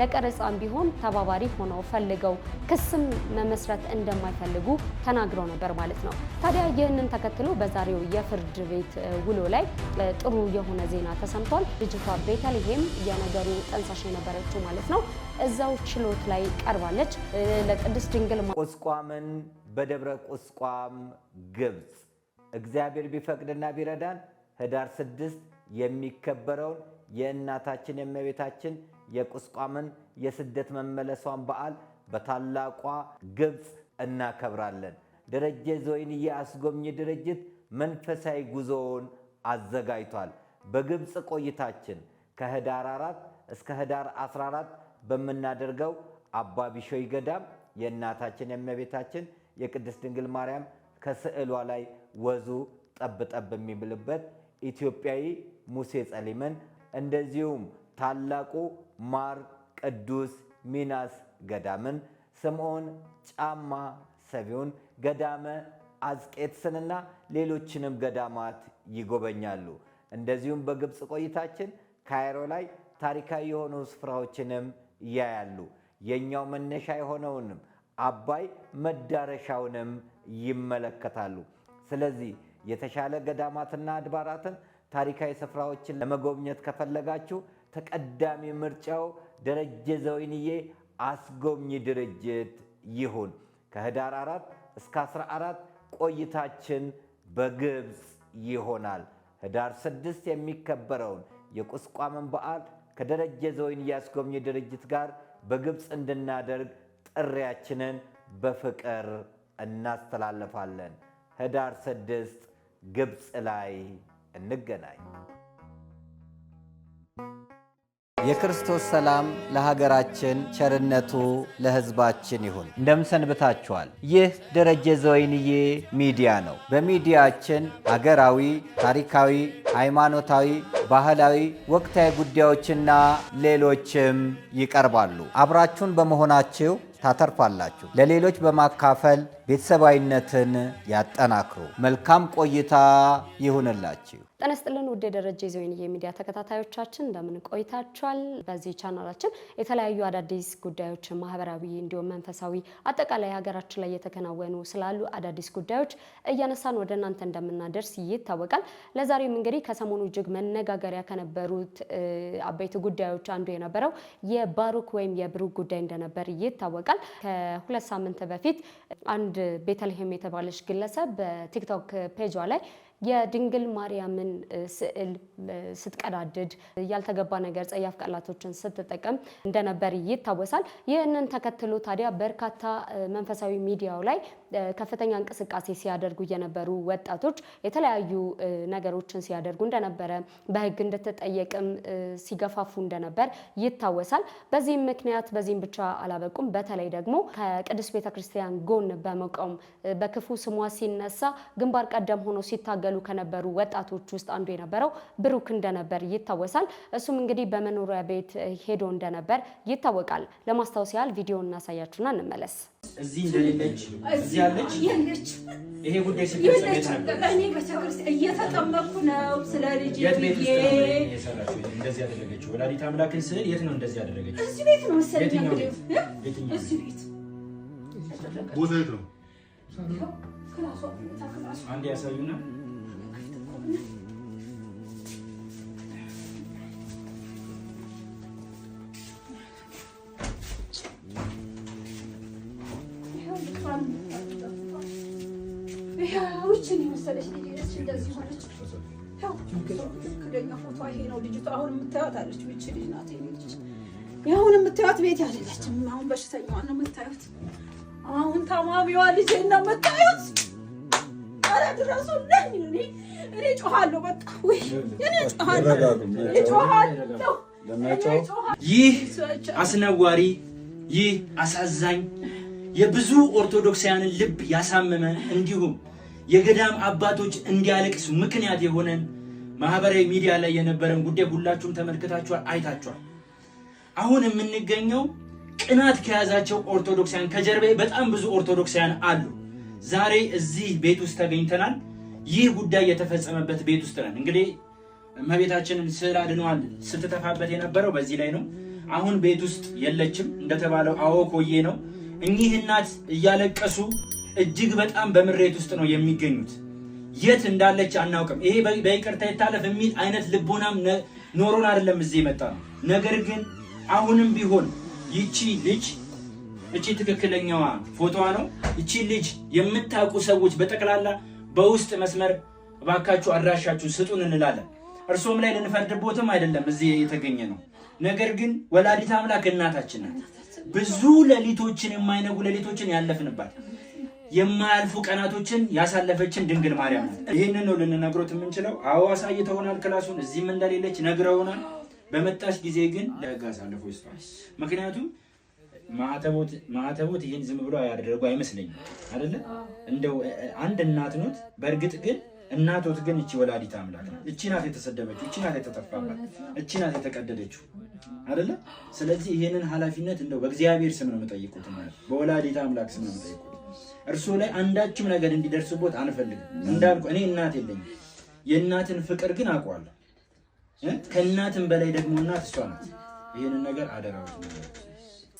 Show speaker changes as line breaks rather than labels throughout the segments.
ለቀረጻም ቢሆን ተባባሪ ሆነው ፈልገው ክስም መመስረት እንደማይፈልጉ ተናግረው ነበር ማለት ነው። ታዲያ ይህንን ተከትሎ በዛሬው የፍርድ ቤት ውሎ ላይ ጥሩ የሆነ ዜና ተሰምቷል። ልጅቷ ቤተልሔም የነገሩ ጠንሳሽ የነበረችው ማለት ነው እዛው ችሎት ላይ ቀርባለች።
ለቅድስት ድንግል ቁስቋምን በደብረ ቁስቋም ግብፅ እግዚአብሔር ቢፈቅድና ቢረዳን ህዳር ስድስት የሚከበረውን የእናታችን የእመቤታችን የቁስቋምን የስደት መመለሷን በዓል በታላቋ ግብፅ እናከብራለን። ደረጀ ዘወይንዬ አስጎብኚ ድርጅት መንፈሳዊ ጉዞውን አዘጋጅቷል። በግብፅ ቆይታችን ከህዳር 4 እስከ ህዳር 14 በምናደርገው አባ ቢሾይ ገዳም የእናታችን የእመቤታችን የቅድስት ድንግል ማርያም ከስዕሏ ላይ ወዙ ጠብጠብ የሚብልበት ኢትዮጵያዊ ሙሴ ጸሊምን እንደዚሁም ታላቁ ማር ቅዱስ ሚናስ ገዳምን፣ ስምዖን ጫማ ሰቢውን፣ ገዳመ አዝቄትስንና ሌሎችንም ገዳማት ይጎበኛሉ። እንደዚሁም በግብፅ ቆይታችን ካይሮ ላይ ታሪካዊ የሆኑ ስፍራዎችንም ያያሉ። የእኛው መነሻ የሆነውንም አባይ መዳረሻውንም ይመለከታሉ። ስለዚህ የተሻለ ገዳማትና አድባራትን ታሪካዊ ስፍራዎችን ለመጎብኘት ከፈለጋችሁ ተቀዳሚ ምርጫው ደረጀ ዘወይንዬ አስጎብኚ ድርጅት ይሁን። ከህዳር 4 እስከ 14 ቆይታችን በግብፅ ይሆናል። ህዳር 6 የሚከበረውን የቁስቋምን በዓል ከደረጀ ዘወይንዬ አስጎብኚ ድርጅት ጋር በግብፅ እንድናደርግ ጥሪያችንን በፍቅር እናስተላልፋለን። ህዳር 6 ግብፅ ላይ እንገናኝ። የክርስቶስ ሰላም ለሀገራችን፣ ቸርነቱ ለሕዝባችን ይሁን። እንደምሰንብታችኋል። ይህ ደረጀ ዘወይንዬ ሚዲያ ነው። በሚዲያችን ሀገራዊ፣ ታሪካዊ፣ ሃይማኖታዊ፣ ባህላዊ፣ ወቅታዊ ጉዳዮችና ሌሎችም ይቀርባሉ። አብራችሁን በመሆናችሁ ታተርፋላችሁ። ለሌሎች በማካፈል ቤተሰባዊነትን ያጠናክሩ። መልካም ቆይታ ይሁንላችሁ።
ጤና ይስጥልን ውድ የደረጀ ዘወይንዬ ሚዲያ ተከታታዮቻችን እንደምን ቆይታችኋል? በዚህ ቻናላችን የተለያዩ አዳዲስ ጉዳዮች ማህበራዊ፣ እንዲሁም መንፈሳዊ አጠቃላይ ሀገራችን ላይ የተከናወኑ ስላሉ አዳዲስ ጉዳዮች እያነሳን ወደ እናንተ እንደምናደርስ ይታወቃል። ለዛሬም እንግዲህ ከሰሞኑ እጅግ መነጋገሪያ ከነበሩት አበይት ጉዳዮች አንዱ የነበረው የባሩክ ወይም የብሩክ ጉዳይ እንደነበር ይታወቃል። ከሁለት ሳምንት በፊት አንድ ቤተልሔም የተባለች ግለሰብ በቲክቶክ ፔጇ ላይ የድንግል ማርያምን ስዕል ስትቀዳድድ ያልተገባ ነገር ጸያፍ ቃላቶችን ስትጠቀም እንደነበር ይታወሳል። ይህንን ተከትሎ ታዲያ በርካታ መንፈሳዊ ሚዲያው ላይ ከፍተኛ እንቅስቃሴ ሲያደርጉ የነበሩ ወጣቶች የተለያዩ ነገሮችን ሲያደርጉ እንደነበረ በህግ እንድትጠየቅም ሲገፋፉ እንደነበር ይታወሳል። በዚህም ምክንያት በዚህም ብቻ አላበቁም። በተለይ ደግሞ ከቅዱስ ቤተክርስቲያን ጎን በመቆም በክፉ ስሟ ሲነሳ ግንባር ቀደም ሆኖ ሲታገሉ ከነበሩ ወጣቶች ውስጥ አንዱ የነበረው ብሩክ እንደነበር ይታወሳል። እሱም እንግዲህ በመኖሪያ ቤት ሄዶ እንደነበር ይታወቃል። ለማስታወስ ያህል ቪዲዮ እናሳያችሁና እንመለስ።
እዚህ እንደሌለች
እዚህ ያለች የለች። ይሄ ጉዳይ ሲፈጸም የት እየተጠመኩ ነው። ስለ ልጅ
እንደዚህ ያደረገችው ወላዲተ አምላክን ስዕል የት ነው እንደዚህ ያደረገችው?
እዚህ ቤት ነው መሰለኝ።
የትኛው ቦታ የት ነው? አንድ ያሳዩና
ትክክለኛ ፎቶ ይሄ ነው። አሁን የምታዩት አለች ልጅ ናት። አሁን የምታዩት ቤት ያለችም አሁን ነው የምታዩት። አሁን ታማሚዋ ልጅ ነው የምታዩት። ኧረ እኔ በቃ እኔ
ይህ አስነዋሪ ይህ አሳዛኝ የብዙ ኦርቶዶክሳውያንን ልብ ያሳመመ እንዲሁም የገዳም አባቶች እንዲያለቅሱ ምክንያት የሆነን ማህበራዊ ሚዲያ ላይ የነበረን ጉዳይ ሁላችሁም ተመልክታችኋል፣ አይታችኋል። አሁን የምንገኘው ቅናት ከያዛቸው ኦርቶዶክሳውያን ከጀርባ በጣም ብዙ ኦርቶዶክሳውያን አሉ። ዛሬ እዚህ ቤት ውስጥ ተገኝተናል። ይህ ጉዳይ የተፈጸመበት ቤት ውስጥ ነን። እንግዲህ እመቤታችንን ስዕል አድነዋል ስትተፋበት የነበረው በዚህ ላይ ነው። አሁን ቤት ውስጥ የለችም እንደተባለው አዎ ኮዬ ነው። እኚህ እናት እያለቀሱ እጅግ በጣም በምሬት ውስጥ ነው የሚገኙት። የት እንዳለች አናውቅም። ይሄ በይቅርታ ይታለፍ የሚል አይነት ልቦናም ኖሮን አይደለም እዚህ የመጣ ነው። ነገር ግን አሁንም ቢሆን ይቺ ልጅ እቺ ትክክለኛዋ ፎቶዋ ነው። እቺ ልጅ የምታውቁ ሰዎች በጠቅላላ በውስጥ መስመር እባካችሁ አድራሻችሁ ስጡን እንላለን። እርሶም ላይ ልንፈርድቦትም አይደለም እዚህ የተገኘ ነው። ነገር ግን ወላዲት አምላክ እናታችን ናት። ብዙ ሌሊቶችን የማይነጉ ሌሊቶችን ያለፍንባት የማያልፉ ቀናቶችን ያሳለፈችን ድንግል ማርያም ናት። ይህንን ነው ልንነግሮት የምንችለው። አዎ አሳይተውናል፣ ክላሱን እዚህም እንደሌለች ነግረውናል። በመጣሽ ጊዜ ግን ለህግ አሳልፎ ይስጠዋል። ምክንያቱም ማዕተቦት ይህን ዝም ብሎ ያደረጉ አይመስለኝም። አይደለ እንደው አንድ እናት ኖት። በእርግጥ ግን እናቶት ግን እቺ ወላዲት አምላክ ናት። እቺ ናት የተሰደበችው፣ እቺ ናት የተጠፋባት፣ እቺ ናት የተቀደደችው አይደለ። ስለዚህ ይህንን ኃላፊነት እንደው በእግዚአብሔር ስም ነው የምጠይቁት፣ በወላዲት አምላክ ስም ነው የምጠይቁት። እርሶ ላይ አንዳችም ነገር እንዲደርስቦት አንፈልግም። እንዳልኩ እኔ እናት የለኝም። የእናትን ፍቅር ግን አውቀዋለሁ። ከእናትን በላይ ደግሞ እናት እሷ ናት። ይህንን ነገር ነገር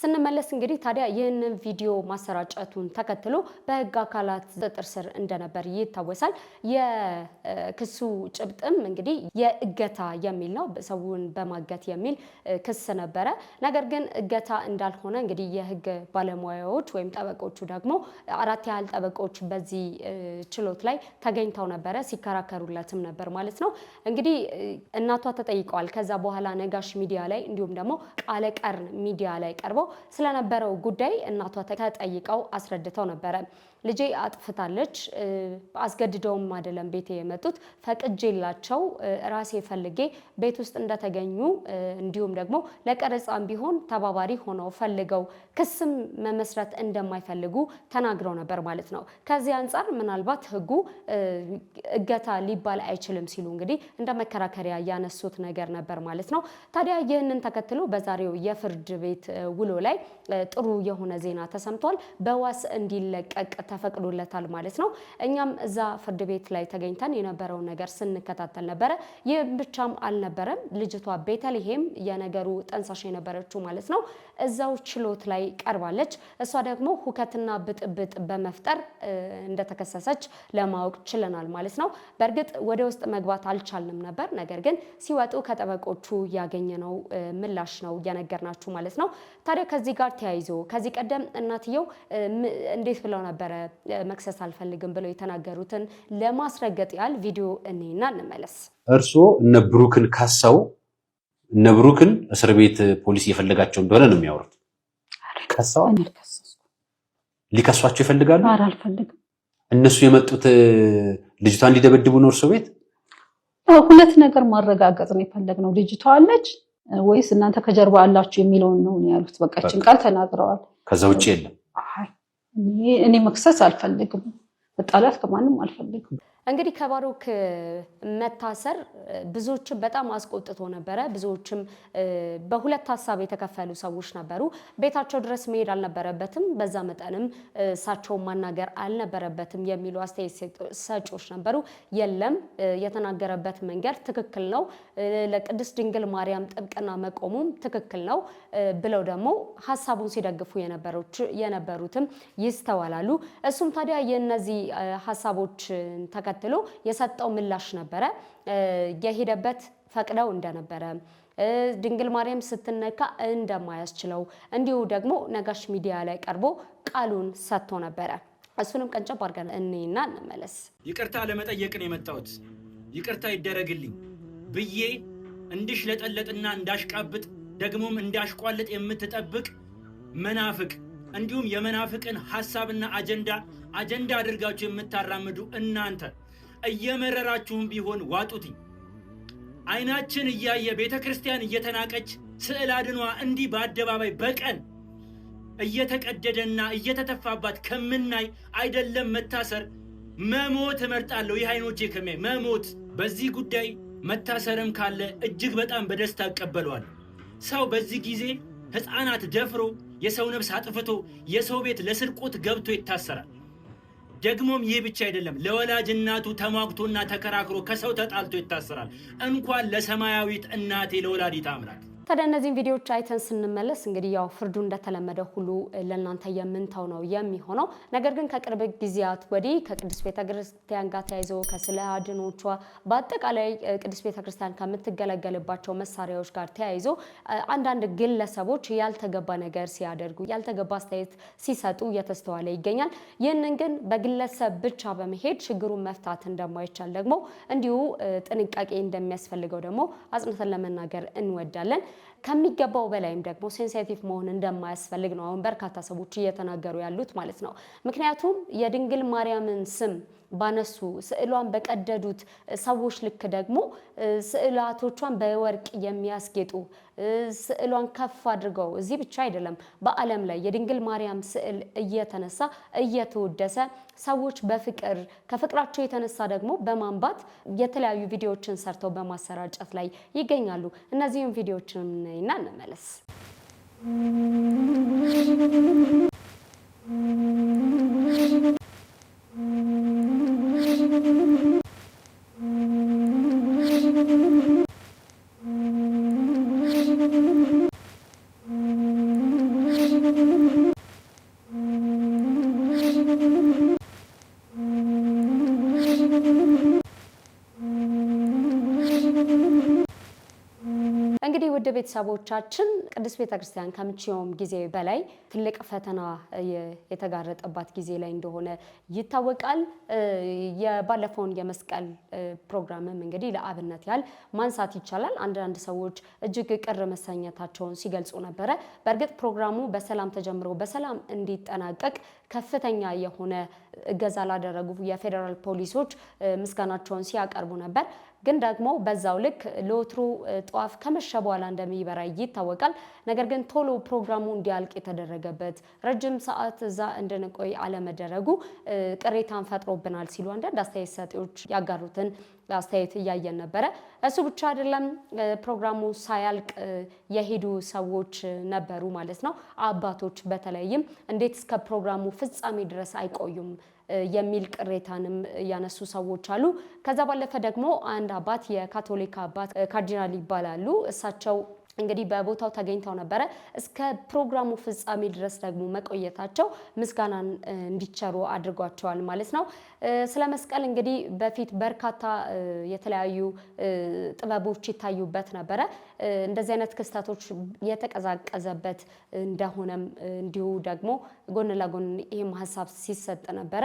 ስንመለስ እንግዲህ ታዲያ ይህንን ቪዲዮ ማሰራጨቱን ተከትሎ በህግ አካላት ቁጥጥር ስር እንደነበር ይታወሳል። የክሱ ጭብጥም እንግዲህ የእገታ የሚል ነው፣ ሰውን በማገት የሚል ክስ ነበረ። ነገር ግን እገታ እንዳልሆነ እንግዲህ የህግ ባለሙያዎች ወይም ጠበቆቹ ደግሞ አራት ያህል ጠበቆች በዚህ ችሎት ላይ ተገኝተው ነበረ፣ ሲከራከሩለትም ነበር ማለት ነው። እንግዲህ እናቷ ተጠይቀዋል። ከዛ በኋላ ነጋሽ ሚዲያ ላይ እንዲሁም ደግሞ ቃለ ቀርን ሚዲያ ላይ ቀርበው ስለነበረው ጉዳይ እናቷ ተጠይቀው አስረድተው ነበረ። ልጄ አጥፍታለች፣ አስገድደውም አይደለም ቤቴ የመጡት ፈቅጄላቸው ራሴ ፈልጌ ቤት ውስጥ እንደተገኙ እንዲሁም ደግሞ ለቀረጻም ቢሆን ተባባሪ ሆነው ፈልገው ክስም መመስረት እንደማይፈልጉ ተናግረው ነበር ማለት ነው። ከዚህ አንጻር ምናልባት ህጉ እገታ ሊባል አይችልም ሲሉ እንግዲህ እንደ መከራከሪያ ያነሱት ነገር ነበር ማለት ነው። ታዲያ ይህንን ተከትሎ በዛሬው የፍርድ ቤት ውሎ ላይ ጥሩ የሆነ ዜና ተሰምቷል። በዋስ እንዲለቀቅ ተፈቅዶለታል ማለት ነው። እኛም እዛ ፍርድ ቤት ላይ ተገኝተን የነበረውን ነገር ስንከታተል ነበረ። ይህም ብቻም አልነበረም። ልጅቷ ቤተልሔም የነገሩ ጠንሳሽ የነበረችው ማለት ነው እዛው ችሎት ላይ ቀርባለች። እሷ ደግሞ ሁከትና ብጥብጥ በመፍጠር እንደተከሰሰች ለማወቅ ችለናል ማለት ነው። በእርግጥ ወደ ውስጥ መግባት አልቻልንም ነበር። ነገር ግን ሲወጡ ከጠበቆቹ ያገኘነው ምላሽ ነው እየነገርናችሁ ማለት ነው። ታዲያ ከዚህ ጋር ተያይዞ ከዚህ ቀደም እናትየው እንዴት ብለው ነበረ መክሰስ አልፈልግም ብለው የተናገሩትን ለማስረገጥ ያህል ቪዲዮ እኔና እንመለስ።
እርስዎ እነ ብሩክን ካሳው እነ ብሩክን እስር ቤት ፖሊስ እየፈለጋቸው እንደሆነ ነው የሚያወሩት። ሊከሷቸው ይፈልጋሉ። አልፈልግም። እነሱ የመጡት ልጅቷ እንዲደበድቡ ነው እርስዎ ቤት።
ሁለት ነገር ማረጋገጥ ነው የፈለግነው፣ ልጅቷ አለች ወይስ እናንተ ከጀርባ አላችሁ የሚለውን ነው ያሉት። በቃችን ቃል ተናግረዋል።
ከዛ ውጭ የለም።
እኔ መክሰስ አልፈልግም፣ መጣላት ከማንም አልፈልግም። እንግዲህ ከባሮክ መታሰር ብዙዎችም በጣም አስቆጥቶ ነበረ። ብዙዎችም በሁለት ሀሳብ የተከፈሉ ሰዎች ነበሩ። ቤታቸው ድረስ መሄድ አልነበረበትም፣ በዛ መጠንም እሳቸውን ማናገር አልነበረበትም የሚሉ አስተያየት ሰጪዎች ነበሩ። የለም የተናገረበት መንገድ ትክክል ነው፣ ለቅድስት ድንግል ማርያም ጥብቅና መቆሙም ትክክል ነው ብለው ደግሞ ሀሳቡን ሲደግፉ የነበሩትም ይስተዋላሉ። እሱም ታዲያ የእነዚህ ሀሳቦች ተከ ተከትሎ የሰጠው ምላሽ ነበረ። የሄደበት ፈቅደው እንደነበረ ድንግል ማርያም ስትነካ እንደማያስችለው እንዲሁ ደግሞ ነጋሽ ሚዲያ ላይ ቀርቦ ቃሉን ሰጥቶ ነበረ። እሱንም ቀንጨ አድርገን እኔና እንመለስ።
ይቅርታ ለመጠየቅን የመጣሁት ይቅርታ ይደረግልኝ ብዬ እንድሽለጠለጥና እንዳሽቃብጥ ደግሞም እንዳሽቋልጥ የምትጠብቅ መናፍቅ እንዲሁም የመናፍቅን ሀሳብና አጀንዳ አጀንዳ አድርጋችሁ የምታራምዱ እናንተ እየመረራችሁም ቢሆን ዋጡትኝ። አይናችን እያየ ቤተ ክርስቲያን እየተናቀች ስዕል አድኗ እንዲህ በአደባባይ በቀን እየተቀደደና እየተተፋባት ከምናይ አይደለም መታሰር መሞት እመርጣለሁ። ይህ አይኖቼ ከሚያይ መሞት። በዚህ ጉዳይ መታሰርም ካለ እጅግ በጣም በደስታ እቀበለዋለሁ። ሰው በዚህ ጊዜ ሕፃናት ደፍሮ የሰው ነፍስ አጥፍቶ የሰው ቤት ለስርቆት ገብቶ ይታሰራል። ደግሞም ይህ ብቻ አይደለም። ለወላጅ እናቱ ተሟግቶና ተከራክሮ ከሰው ተጣልቶ ይታሰራል። እንኳን ለሰማያዊት እናቴ ለወላዲተ አምላክ
ታዲያ እነዚህን ቪዲዮዎች አይተን ስንመለስ እንግዲህ ያው ፍርዱ እንደተለመደ ሁሉ ለእናንተ የምንተው ነው የሚሆነው። ነገር ግን ከቅርብ ጊዜያት ወዲህ ከቅዱስ ቤተክርስቲያን ጋር ተያይዞ ከስለ አድኖቿ በአጠቃላይ ቅዱስ ቤተክርስቲያን ከምትገለገልባቸው መሳሪያዎች ጋር ተያይዞ አንዳንድ ግለሰቦች ያልተገባ ነገር ሲያደርጉ፣ ያልተገባ አስተያየት ሲሰጡ እየተስተዋለ ይገኛል። ይህንን ግን በግለሰብ ብቻ በመሄድ ችግሩን መፍታት እንደማይቻል ደግሞ እንዲሁ ጥንቃቄ እንደሚያስፈልገው ደግሞ አጽንተን ለመናገር እንወዳለን። ከሚገባው በላይም ደግሞ ሴንሲቲቭ መሆን እንደማያስፈልግ ነው አሁን በርካታ ሰዎች እየተናገሩ ያሉት ማለት ነው። ምክንያቱም የድንግል ማርያምን ስም ባነሱ ስዕሏን በቀደዱት ሰዎች ልክ ደግሞ ስዕላቶቿን በወርቅ የሚያስጌጡ ስዕሏን ከፍ አድርገው እዚህ ብቻ አይደለም፣ በዓለም ላይ የድንግል ማርያም ስዕል እየተነሳ እየተወደሰ ሰዎች በፍቅር ከፍቅራቸው የተነሳ ደግሞ በማንባት የተለያዩ ቪዲዮዎችን ሰርተው በማሰራጨት ላይ ይገኛሉ። እነዚህም ቪዲዮዎችን እና እንመለስ። Mm-hmm. ቤተሰቦቻችን ቅድስት ቤተክርስቲያን ከምችውም ጊዜ በላይ ትልቅ ፈተና የተጋረጠባት ጊዜ ላይ እንደሆነ ይታወቃል። የባለፈውን የመስቀል ፕሮግራምም እንግዲህ ለአብነት ያህል ማንሳት ይቻላል። አንዳንድ ሰዎች እጅግ ቅር መሰኘታቸውን ሲገልጹ ነበረ። በእርግጥ ፕሮግራሙ በሰላም ተጀምሮ በሰላም እንዲጠናቀቅ ከፍተኛ የሆነ እገዛ ላደረጉ የፌዴራል ፖሊሶች ምስጋናቸውን ሲያቀርቡ ነበር። ግን ደግሞ በዛው ልክ ለወትሮ ጠዋፍ ከመሸ በኋላ እንደሚበራ ይታወቃል። ነገር ግን ቶሎ ፕሮግራሙ እንዲያልቅ የተደረገበት ረጅም ሰዓት እዛ እንድንቆይ አለመደረጉ ቅሬታን ፈጥሮብናል ሲሉ አንዳንድ አስተያየት ሰጪዎች ያጋሩትን አስተያየት እያየን ነበረ። እሱ ብቻ አይደለም፣ ፕሮግራሙ ሳያልቅ የሄዱ ሰዎች ነበሩ ማለት ነው። አባቶች በተለይም እንዴት እስከ ፕሮግራሙ ፍጻሜ ድረስ አይቆዩም የሚል ቅሬታንም ያነሱ ሰዎች አሉ። ከዛ ባለፈ ደግሞ አንድ አባት የካቶሊክ አባት ካርዲናል ይባላሉ እሳቸው እንግዲህ በቦታው ተገኝተው ነበረ። እስከ ፕሮግራሙ ፍጻሜ ድረስ ደግሞ መቆየታቸው ምስጋናን እንዲቸሩ አድርጓቸዋል ማለት ነው። ስለ መስቀል እንግዲህ በፊት በርካታ የተለያዩ ጥበቦች ይታዩበት ነበረ። እንደዚህ አይነት ክስተቶች የተቀዛቀዘበት እንደሆነም እንዲሁ ደግሞ ጎን ለጎን ይህም ሀሳብ ሲሰጥ ነበረ።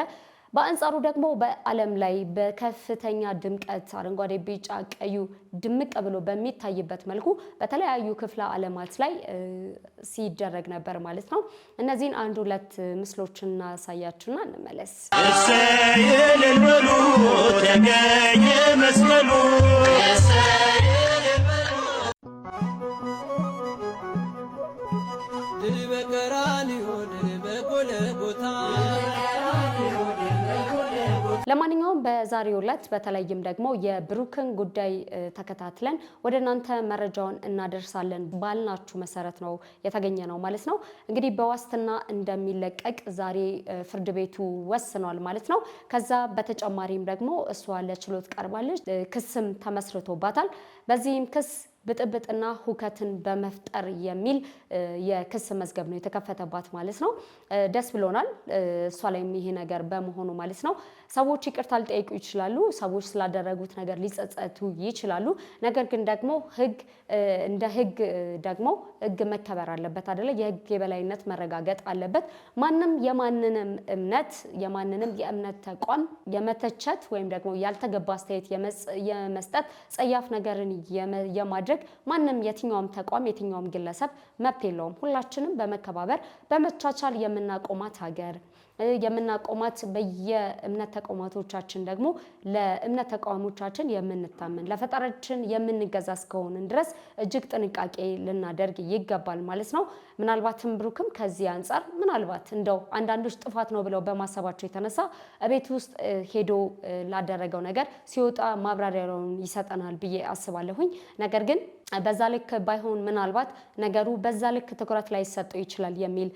በአንጻሩ ደግሞ በዓለም ላይ በከፍተኛ ድምቀት አረንጓዴ፣ ቢጫ፣ ቀዩ ድምቅ ብሎ በሚታይበት መልኩ በተለያዩ ክፍለ ዓለማት ላይ ሲደረግ ነበር ማለት ነው። እነዚህን አንድ ሁለት ምስሎች እናሳያችሁና እንመለስ። ተገኘ መስቀሉ ለማንኛውም በዛሬው ዕለት በተለይም ደግሞ የብሩክን ጉዳይ ተከታትለን ወደ እናንተ መረጃውን እናደርሳለን ባልናችሁ መሰረት ነው የተገኘ ነው ማለት ነው። እንግዲህ በዋስትና እንደሚለቀቅ ዛሬ ፍርድ ቤቱ ወስኗል ማለት ነው። ከዛ በተጨማሪም ደግሞ እሷ ለችሎት ቀርባለች፣ ክስም ተመስርቶባታል። በዚህም ክስ ብጥብጥና ሁከትን በመፍጠር የሚል የክስ መዝገብ ነው የተከፈተባት ማለት ነው። ደስ ብሎናል፣ እሷ ላይም ይሄ ነገር በመሆኑ ማለት ነው። ሰዎች ይቅርታ ሊጠይቁ ይችላሉ። ሰዎች ስላደረጉት ነገር ሊጸጸቱ ይችላሉ። ነገር ግን ደግሞ ህግ እንደ ህግ ደግሞ ህግ መከበር አለበት አደለ? የህግ የበላይነት መረጋገጥ አለበት። ማንም የማንንም እምነት የማንንም የእምነት ተቋም የመተቸት ወይም ደግሞ ያልተገባ አስተያየት የመስጠት ጸያፍ ነገርን የማድረግ ማድረግ ማንም የትኛውም ተቋም የትኛውም ግለሰብ መብት የለውም። ሁላችንም በመከባበር በመቻቻል የምናቆማት ሀገር የምናቆማት በየእምነት ተቋማቶቻችን ደግሞ ለእምነት ተቋሞቻችን የምንታመን ለፈጣሪያችን የምንገዛ እስከሆንን ድረስ እጅግ ጥንቃቄ ልናደርግ ይገባል ማለት ነው። ምናልባትም ብሩክም ከዚህ አንጻር ምናልባት እንደው አንዳንዶች ጥፋት ነው ብለው በማሰባቸው የተነሳ ቤት ውስጥ ሄዶ ላደረገው ነገር ሲወጣ ማብራሪያውን ይሰጠናል ብዬ አስባለሁኝ ነገር ግን በዛ ልክ ባይሆን ምናልባት ነገሩ በዛ ልክ ትኩረት ላይ ሰጠው ይችላል የሚል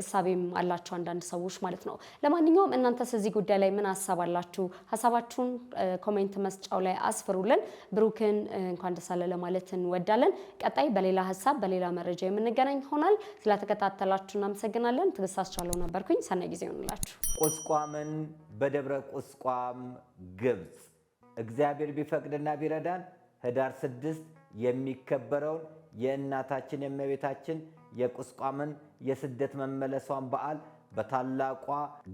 እሳቤም አላቸው አንዳንድ ሰዎች ማለት ነው። ለማንኛውም እናንተስ እዚህ ጉዳይ ላይ ምን ሀሳብ አላችሁ? ሀሳባችሁን ኮሜንት መስጫው ላይ አስፍሩልን። ብሩክን እንኳን ደስ አለ ለማለት እንወዳለን። ቀጣይ በሌላ ሀሳብ በሌላ መረጃ የምንገናኝ ይሆናል። ስለተከታተላችሁ እናመሰግናለን። ትዕግስት አስቻለው ነበርኩኝ። ሰናይ ጊዜ ይሆንላችሁ።
ቁስቋምን በደብረ ቁስቋም ግብፅ እግዚአብሔር ቢፈቅድና ቢረዳን ህዳር ስድስት የሚከበረውን የእናታችን የእመቤታችን የቁስቋምን የስደት መመለሷን በዓል በታላቋ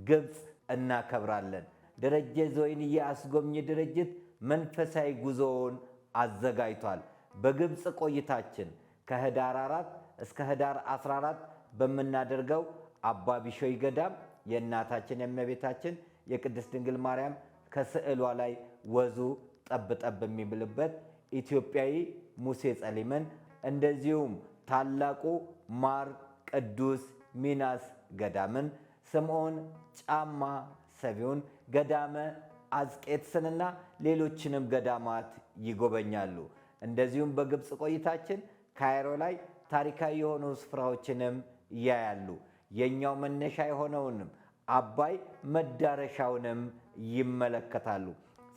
ግብፅ እናከብራለን። ደረጀ ዘወይንዬ አስጎብኚ ድርጅት መንፈሳዊ ጉዞውን አዘጋጅቷል። በግብፅ ቆይታችን ከህዳር 4 እስከ ህዳር 14 በምናደርገው አባ ቢሾይ ገዳም የእናታችን የእመቤታችን የቅድስት ድንግል ማርያም ከስዕሏ ላይ ወዙ ጠብጠብ የሚብልበት ኢትዮጵያዊ ሙሴ ጸሊምን እንደዚሁም ታላቁ ማር ቅዱስ ሚናስ ገዳምን፣ ስምዖን ጫማ ሰቢውን፣ ገዳመ አዝቄትስንና ሌሎችንም ገዳማት ይጎበኛሉ። እንደዚሁም በግብፅ ቆይታችን ካይሮ ላይ ታሪካዊ የሆኑ ስፍራዎችንም ያያሉ። የእኛው መነሻ የሆነውንም አባይ መዳረሻውንም ይመለከታሉ።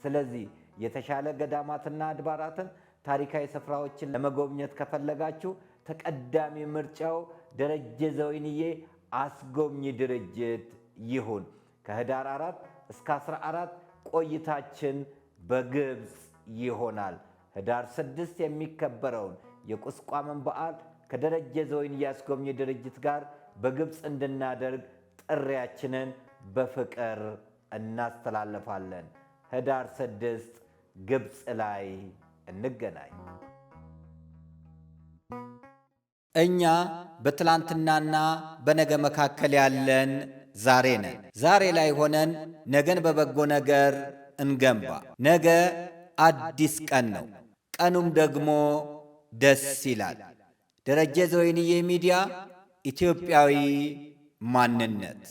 ስለዚህ የተሻለ ገዳማትና አድባራትን ታሪካዊ ስፍራዎችን ለመጎብኘት ከፈለጋችሁ ተቀዳሚ ምርጫው ደረጀ ዘወይንዬ አስጎብኚ ድርጅት ይሁን። ከህዳር አራት እስከ 14 ቆይታችን በግብፅ ይሆናል። ህዳር ስድስት የሚከበረውን የቁስቋምን በዓል ከደረጀ ዘወይንዬ አስጎብኚ ድርጅት ጋር በግብፅ እንድናደርግ ጥሪያችንን በፍቅር እናስተላልፋለን። ህዳር ስድስት ግብፅ ላይ እንገናኝ። እኛ በትላንትናና በነገ መካከል ያለን ዛሬ ነን። ዛሬ ላይ ሆነን ነገን በበጎ ነገር እንገንባ። ነገ አዲስ ቀን ነው። ቀኑም ደግሞ ደስ ይላል። ደረጀ ዘወይንዬ ሚዲያ ኢትዮጵያዊ ማንነት